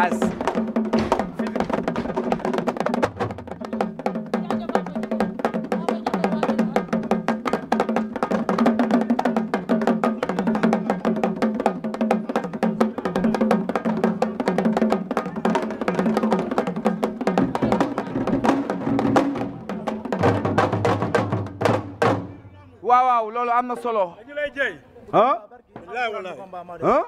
as waaw waaw loolu am na solo. ah. ah.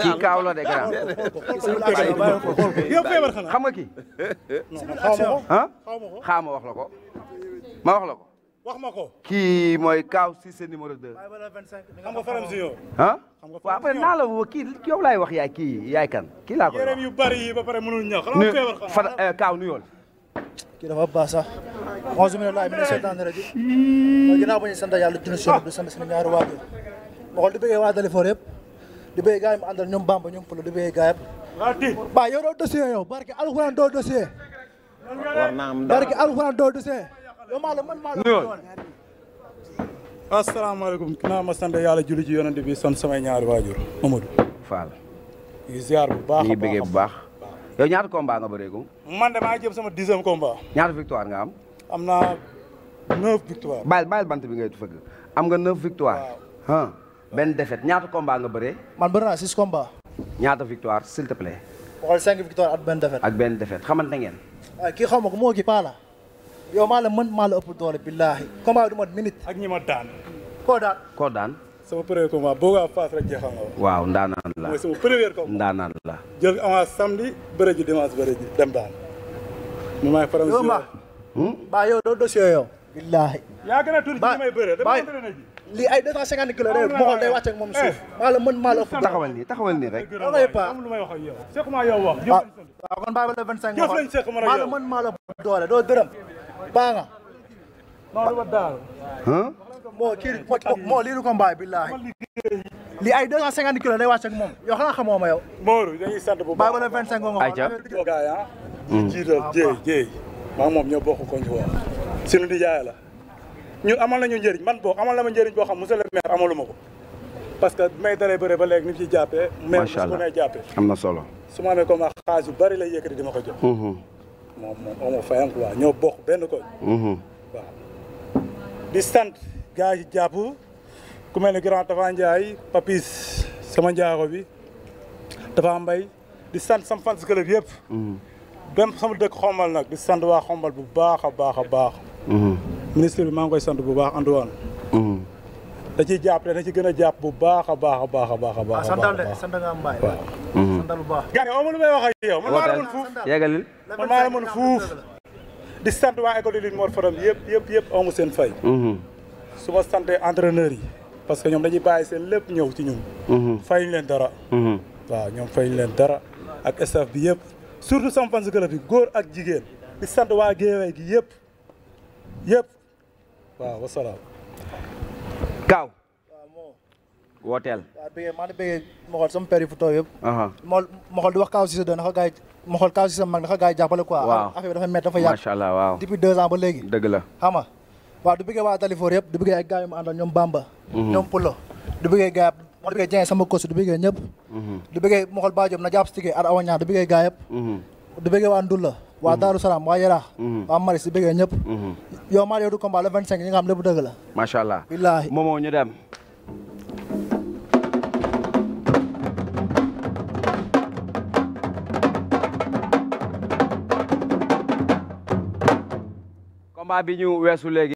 kii kaaw la de grand. xam nga kii. ah xaaral ma wax la ko ma wax la ko. wax ma ko. kii mooy Kaaw si Cissé numéro 2. xam nga faram si yow. ah waaw après naa la woo kii yow laay wax yaay kii yaay kan kii laa koy wax. yu bari yi ba pare mënul ñax. Euh, kaaw nuyoo la. dafa baax auzu billaahi mina seytaani rajiim mooy ginnaaw ba ñu sant yàlla junni sunu di sant suñu ñaari waajur waxal di bëggee waa Dalifort yëpp di bëggee gaay yi mu àndal ñoom Bamba ñoom Pula di bëggee gaay yëpp ba yow doo dossier yow barke alxuraan doo dossier war naa am dara barke alxuraan doo dossier yow maa la man maa la asalaamaaleykum ginnaaw ma sant yàlla julli ci yonent bi sant samay ñaari waajur Mamadou Fall di ziar bu baax a baax bu baax yow ñaata combat nga bëreegum man damaa jëm sama dixième combat ñaata victoire nga am am na neuf victoire. bàyyil bàyyil bant bi ngay fëgg am nga neuf victoire. waaw benn défaite ñaata combat nga bëree. man bëri naa six combat. ñaata victoire s'il te plaît. waxal cinq victoire ak benn défaite. ak benn défaite xamante ngeen. kii xaw ma ko moo ki paa la. yow maa la mën maa la ëpp doole billaahi. combat du ma minute. ak ñi ma daan. koo daan koo daan. sama premier combat boo ko faas rek jeexal nga waaw ndaanaan la mooy sama premier combat daan. ñu Hmm? ba yow doo dossier yow. billaahi. yaa gën a tuuti ci may bëre dama entraîné ji. lii ay 250 kilos de moo day wàcc ak moom suuf. maa la mën maa la ëpp. taxawal nii taxawal nii rek. on lu may wax ak yow. seq maa yow wax. ah le 25. jëf lañ seq ma la yow maa la mën maa la doole doo dërëm. baa nga. maa la daal. moo kii moo lii billaahi. lii ay 250 kilos day wàcc ak moom yow xanaa xamoo ma yow. bu baax bàyyi ba maa moom ñoo bokk ko ci waaw suñu nijaay la ñun amal nañu njëriñ man boo amal na ma njëriñ boo xam monsieur le maire amaluma ko parce que may dalee bëre ba léegi ni ciy jàppe maire su ma nee am na solo su ma amee comme xaalis yu bari lay yëkkati di ma ko jox mhm. moom moom amoo fayam quoi ñoo bokk benn koñ mhm. waaw di sant gars yi jàpp ku mel ni grand Tafa Ndiaye Papis sama njaago bi Tafa Mbaye di sant sama fans club yëpp mhm. benn sama dëkk xombal nag di sant waa xombal bu baax a baax a baax. Mhm. ministre bi maa ngi koy sant bu baax Antoine. Mhm. da ciy jàpp te da ci gën a jàpp bu baax a baax a baax a baax a baax. a de sant nga mbaay. waaw mhm. santal bu baax. gars yi lu may wax ak yow man maa la mën fuuf maa la fuuf di sant waa école Lille Mor Fadam yëpp yëpp yëpp amu seen fay. su ma sante entraîneurs yi parce que ñoom dañuy bàyyi seen lépp ñëw ci ñun. fayuñ leen dara. waaw ñoom fayuñ leen dara ak staff bi surtout sama fans club bi góor ak jigéen di sant waa Géewaay gi yëpp yëpp waaw wasalaam. Kaaw. wooteel. waaw bëggee maa ngi bëggee ma xool sama père yi fu toog yëpp. ma xool di wax Kaaw Cissé doon dafa Kaaw Cissé mag dafa gaay jàppale quoi. waaw ah, affaire bi dafa métti dafa yàgg. macha allah waaw depuis ba léegi. dëgg la xam nga waaw du bëggee waa Dalifor yëpp du bëggee ay gars yu ma àndal ñoom Bamba. Mhm. ñoom du bëggee gars du bëggee Dieng sama kosi du bëggee ñëpp mhm. du bëggee ma xool Badiom na jàpp si tigee ar awañaa du bëggee gaayëpp mhm. du bëggee waa Ndulla waa mhm. Daaru Salaam waa Yaraax waa Maris du bëggee ñëpp yow maa yow du combat bi ñu weesu léegi